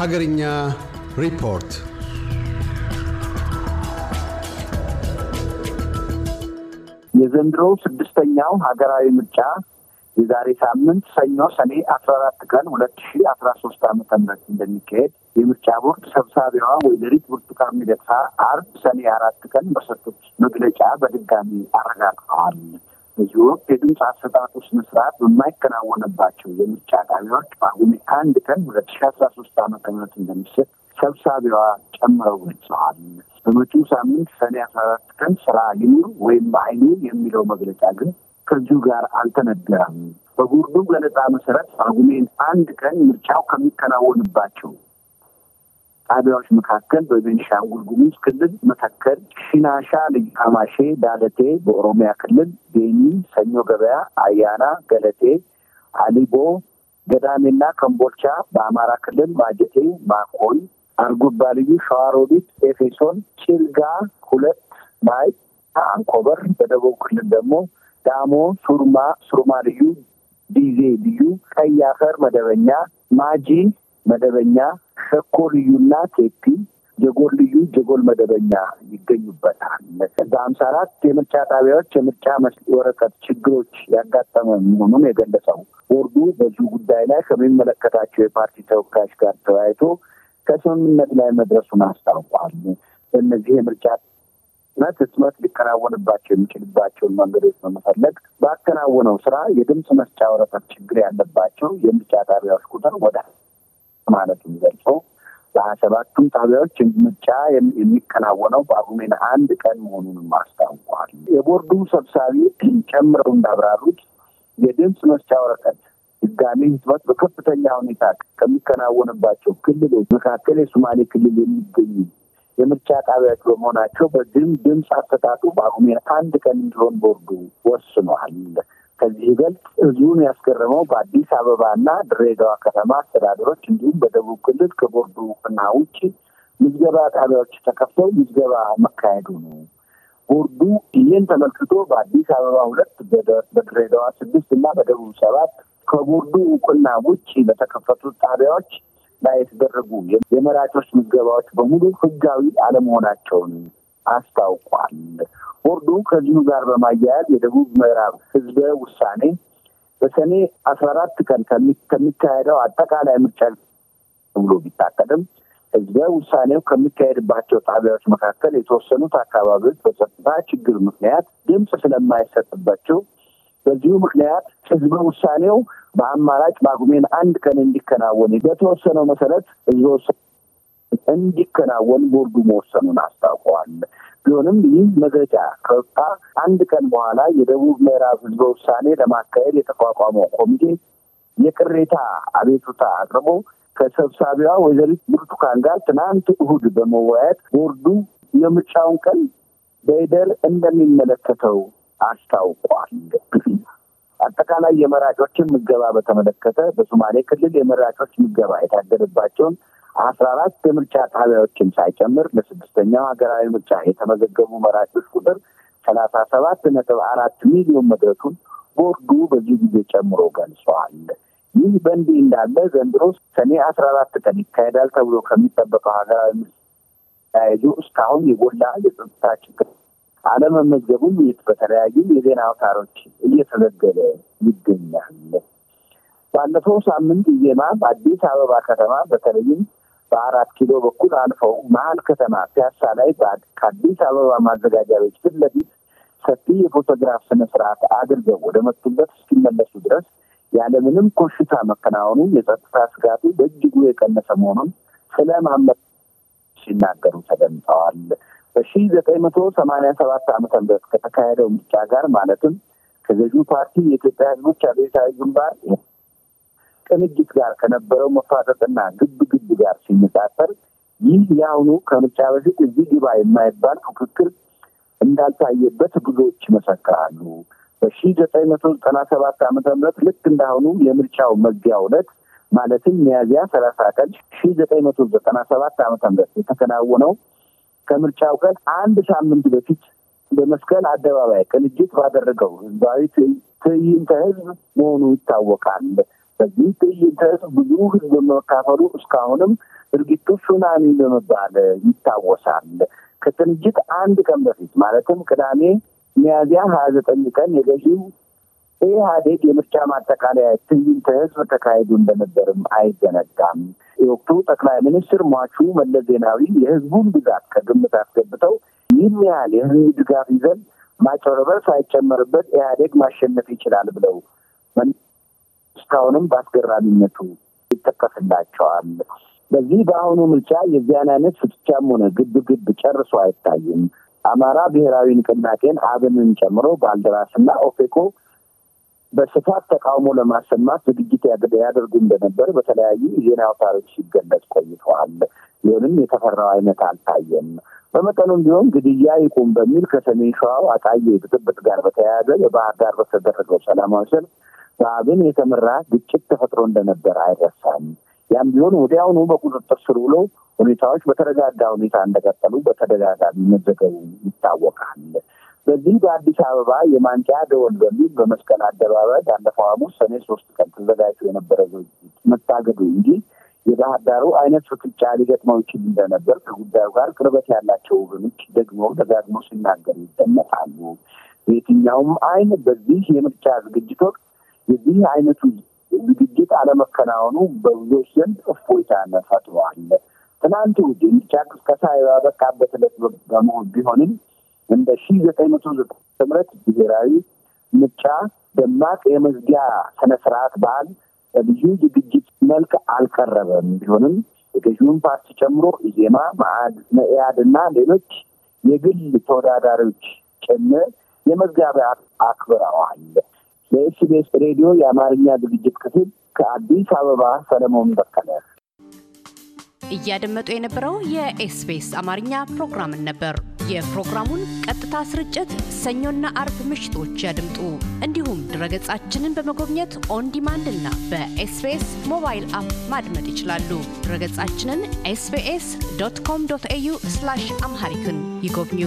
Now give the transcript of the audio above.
Hagarinya report. የዘንድሮው ስድስተኛው ሀገራዊ ምርጫ የዛሬ ሳምንት ሰኞ ሰኔ አስራ አራት ቀን ሁለት ሺ አስራ ሶስት አመተ ምህረት እንደሚካሄድ የምርጫ ቦርድ ሰብሳቢዋ ወይዘሪት ብርቱካን ሚደቅሳ አርብ ሰኔ አራት ቀን በሰጡት መግለጫ በድጋሚ አረጋግጠዋል። በዚህ ወቅት የድምፅ አሰጣጡ ስነስርዓት በማይከናወንባቸው የምርጫ ጣቢያዎች በአሁኑ አንድ ቀን ሁለት ሺ አስራ ሶስት ዓመተ ምህረት እንደሚሰጥ ሰብሳቢዋ ጨምረው ገልጸዋል። በመጪው ሳምንት ሰኔ አስራ አራት ቀን ስራ ይኑር ወይም አይኑ የሚለው መግለጫ ግን ከዚሁ ጋር አልተነገረም። በቦርዱ ገለጻ መሰረት ጳጉሜን አንድ ቀን ምርጫው ከሚከናወንባቸው ጣቢያዎች መካከል በቤንሻንጉል ጉሙዝ ክልል መተከል፣ ሽናሻ፣ ልዩ ካማሼ፣ ዳለቴ በኦሮሚያ ክልል፣ ቤኒ፣ ሰኞ ገበያ፣ አያና፣ ገለቴ፣ አሊቦ፣ ገዳሜና ከምቦልቻ በአማራ ክልል ማጀቴ፣ ማኮይ፣ አርጉባ ልዩ፣ ሸዋሮቢት፣ ኤፌሶን፣ ጭልጋ ሁለት ማይ፣ አንኮበር በደቡብ ክልል ደግሞ ዳሞ፣ ሱርማ፣ ሱርማ ልዩ፣ ዲዜ ልዩ፣ ቀይ አፈር መደበኛ፣ ማጂ መደበኛ ሸኮ ልዩና ቴፒ ጀጎል ልዩ ጀጎል መደበኛ ይገኙበታል። በሀምሳ አራት የምርጫ ጣቢያዎች የምርጫ ወረቀት ችግሮች ያጋጠመ መሆኑን የገለጸው ቦርዱ በዚሁ ጉዳይ ላይ ከሚመለከታቸው የፓርቲ ተወካዮች ጋር ተወያይቶ ከስምምነት ላይ መድረሱን አስታውቋል። በእነዚህ የምርጫ ነት ህትመት ሊከናወንባቸው የሚችልባቸውን መንገዶች በመፈለግ ባከናወነው ስራ የድምፅ መስጫ ወረቀት ችግር ያለባቸው የምርጫ ጣቢያዎች ቁጥር ወደ ማለት የሚገልጸው በሀያ ሰባቱም ጣቢያዎች ምርጫ የሚከናወነው በጳጉሜን አንድ ቀን መሆኑንም አስታውቋል። የቦርዱ ሰብሳቢ ጨምረው እንዳብራሩት የድምፅ መስጫ ወረቀት ድጋሚ ህትመት በከፍተኛ ሁኔታ ከሚከናወንባቸው ክልሎች መካከል የሶማሌ ክልል የሚገኙ የምርጫ ጣቢያዎች በመሆናቸው በድም ድምፅ አሰጣጡ በጳጉሜን አንድ ቀን እንዲሆን ቦርዱ ወስኗል። ከዚህ ይበልጥ ህዝቡን ያስገረመው በአዲስ አበባና ድሬዳዋ ከተማ አስተዳደሮች እንዲሁም በደቡብ ክልል ከቦርዱ እውቅና ውጭ ምዝገባ ጣቢያዎች ተከፍተው ምዝገባ መካሄዱ ነው። ቦርዱ ይህን ተመልክቶ በአዲስ አበባ ሁለት፣ በድሬዳዋ ስድስት እና በደቡብ ሰባት ከቦርዱ እውቅና ውጭ በተከፈቱ ጣቢያዎች ላይ የተደረጉ የመራጮች ምዝገባዎች በሙሉ ህጋዊ አለመሆናቸውን አስታውቋል። ቦርዱ ከዚሁ ጋር በማያያዝ የደቡብ ምዕራብ ህዝበ ውሳኔ በሰኔ አስራ አራት ቀን ከሚካሄደው አጠቃላይ ምርጫ ብሎ ቢታቀድም ህዝበ ውሳኔው ከሚካሄድባቸው ጣቢያዎች መካከል የተወሰኑት አካባቢዎች በጸጥታ ችግር ምክንያት ድምፅ ስለማይሰጥባቸው በዚሁ ምክንያት ህዝበ ውሳኔው በአማራጭ ጳጉሜን አንድ ቀን እንዲከናወን በተወሰነው መሰረት ህዝበ ውሳኔ እንዲከናወን ቦርዱ መወሰኑን አስታውቀዋል። ቢሆንም ይህ መግለጫ ከወጣ አንድ ቀን በኋላ የደቡብ ምዕራብ ህዝበ ውሳኔ ለማካሄድ የተቋቋመው ኮሚቴ የቅሬታ አቤቱታ አቅርቦ ከሰብሳቢዋ ወይዘሪት ብርቱካን ጋር ትናንት እሁድ በመወያየት ቦርዱ የምርጫውን ቀን በይደር እንደሚመለከተው አስታውቋል። አጠቃላይ የመራጮችን ምገባ በተመለከተ በሶማሌ ክልል የመራጮች ምገባ የታገደባቸውን አስራ አራት የምርጫ ጣቢያዎችን ሳይጨምር ለስድስተኛው ሀገራዊ ምርጫ የተመዘገቡ መራጮች ቁጥር ሰላሳ ሰባት ነጥብ አራት ሚሊዮን መድረሱን ቦርዱ በዚህ ጊዜ ጨምሮ ገልጸዋል። ይህ በእንዲህ እንዳለ ዘንድሮ ሰኔ አስራ አራት ቀን ይካሄዳል ተብሎ ከሚጠበቀው ሀገራዊ ምርጫ ተያይዞ እስካሁን የጎላ የጸጥታ ችግር አለመመዝገቡም በተለያዩ የዜና አውታሮች እየተዘገበ ይገኛል። ባለፈው ሳምንት ዜማ በአዲስ አበባ ከተማ በተለይም በአራት ኪሎ በኩል አልፈው መሀል ከተማ ፒያሳ ላይ ከአዲስ አበባ ማዘጋጃ ቤት ፊት ለፊት ሰፊ የፎቶግራፍ ስነስርዓት አድርገው ወደ መጡበት እስኪመለሱ ድረስ ያለምንም ኮሽታ መከናወኑ የጸጥታ ስጋቱ በእጅጉ የቀነሰ መሆኑን ስለ ማመት ሲናገሩ ተደምጠዋል። በሺ ዘጠኝ መቶ ሰማኒያ ሰባት ዓመተ ምህረት ከተካሄደው ምርጫ ጋር ማለትም ከገዢው ፓርቲ የኢትዮጵያ ሕዝቦች አብዮታዊ ግንባር ቅንጅት ጋር ከነበረው መፋጠጥና ግብ ግብ ጋር ሲመሳሰል ይህ የአሁኑ ከምርጫ በፊት እዚህ ግባ የማይባል ፉክክር እንዳልታየበት ብዙዎች ይመሰክራሉ። በሺ ዘጠኝ መቶ ዘጠና ሰባት ዓመተ ምህረት ልክ እንዳሁኑ የምርጫው መግቢያ ዕለት ማለትም ሚያዝያ ሰላሳ ቀን ሺ ዘጠኝ መቶ ዘጠና ሰባት ዓመተ ምህረት የተከናወነው ከምርጫው ቀን አንድ ሳምንት በፊት በመስቀል አደባባይ ቅንጅት ባደረገው ህዝባዊ ትዕይንተ ህዝብ መሆኑ ይታወቃል። በዚህ ትዕይንተ ብዙ ህዝብ መካፈሉ እስካሁንም ድርጊቱ ሱናሚ በመባል ይታወሳል። ከትንጅት አንድ ቀን በፊት ማለትም ቅዳሜ ሚያዝያ ሀያ ዘጠኝ ቀን የገዢው ኢህአዴግ የምርጫ ማጠቃለያ ትዕይንተ ህዝብ ተካሂዱ እንደነበርም አይዘነጋም። የወቅቱ ጠቅላይ ሚኒስትር ሟቹ መለስ ዜናዊ የህዝቡን ብዛት ከግምት አስገብተው ይህን ያህል የህዝብ ድጋፍ ይዘን ማጭበርበር ሳይጨመርበት ኢህአዴግ ማሸነፍ ይችላል ብለው እስካሁንም በአስገራሚነቱ ይጠቀስላቸዋል። በዚህ በአሁኑ ምርጫ የዚያን አይነት ፍጥጫም ሆነ ግብ ግብ ጨርሶ አይታይም። አማራ ብሔራዊ ንቅናቄን አብንን ጨምሮ ባልደራስና ኦፌኮ በስፋት ተቃውሞ ለማሰማት ዝግጅት ያደርጉ እንደነበር በተለያዩ የዜና አውታሮች ሲገለጽ ቆይተዋል። ይሁንም የተፈራው አይነት አልታየም። በመጠኑም ቢሆን ግድያ ይቁም በሚል ከሰሜን ሸዋው አጣዬ ብጥብጥ ጋር በተያያዘ በባህር ዳር በተደረገው ሰላማዊ ሰልፍ በአብን የተመራ ግጭት ተፈጥሮ እንደነበር አይረሳም። ያም ቢሆን ወዲያውኑ በቁጥጥር ስር ውሎ ሁኔታዎች በተረጋጋ ሁኔታ እንደቀጠሉ በተደጋጋሚ መዘገቡ ይታወቃል። በዚህ በአዲስ አበባ የማንቂያ ደወል በሚል በመስቀል አደባባይ ባለፈው ሐሙስ ሰኔ ሶስት ቀን ተዘጋጅቶ የነበረ ዝግጅት መታገዱ እንጂ የባህር ዳሩ አይነት ፍጥጫ ሊገጥመው ይችል እንደነበር ከጉዳዩ ጋር ቅርበት ያላቸው ወገኖች ደግሞ ደጋግሞ ሲናገሩ ይደመጣሉ። የትኛውም አይን በዚህ የምርጫ ዝግጅት ወቅት የዚህ አይነቱ ዝግጅት አለመከናወኑ በብዙዎች ዘንድ እፎይታን ፈጥሯል። ትናንቱ ዲንቻን ከሳይ ባበቃበት ዕለት በመሆን ቢሆንም እንደ ሺ ዘጠኝ መቶ ዘጠኝ ትምህርት ብሔራዊ ምርጫ ደማቅ የመዝጊያ ስነስርዓት በዓል በልዩ ዝግጅት መልክ አልቀረበም። ቢሆንም የገዥውን ፓርቲ ጨምሮ ኢዜማ፣ መኢአድ እና ሌሎች የግል ተወዳዳሪዎች ጭምር የመዝጋቢያ አክብረዋል። ኤስቢኤስ ሬዲዮ የአማርኛ ዝግጅት ክፍል ከአዲስ አበባ ሰለሞን በቀለ። እያደመጡ የነበረው የኤስቢኤስ አማርኛ ፕሮግራምን ነበር። የፕሮግራሙን ቀጥታ ስርጭት ሰኞና አርብ ምሽቶች ያድምጡ። እንዲሁም ድረገጻችንን በመጎብኘት ኦን ዲማንድ እና በኤስቢኤስ ሞባይል አፕ ማድመጥ ይችላሉ። ድረገጻችንን ኤስቢኤስ ዶት ኮም ዶት ኤዩ አምሃሪክን ይጎብኙ።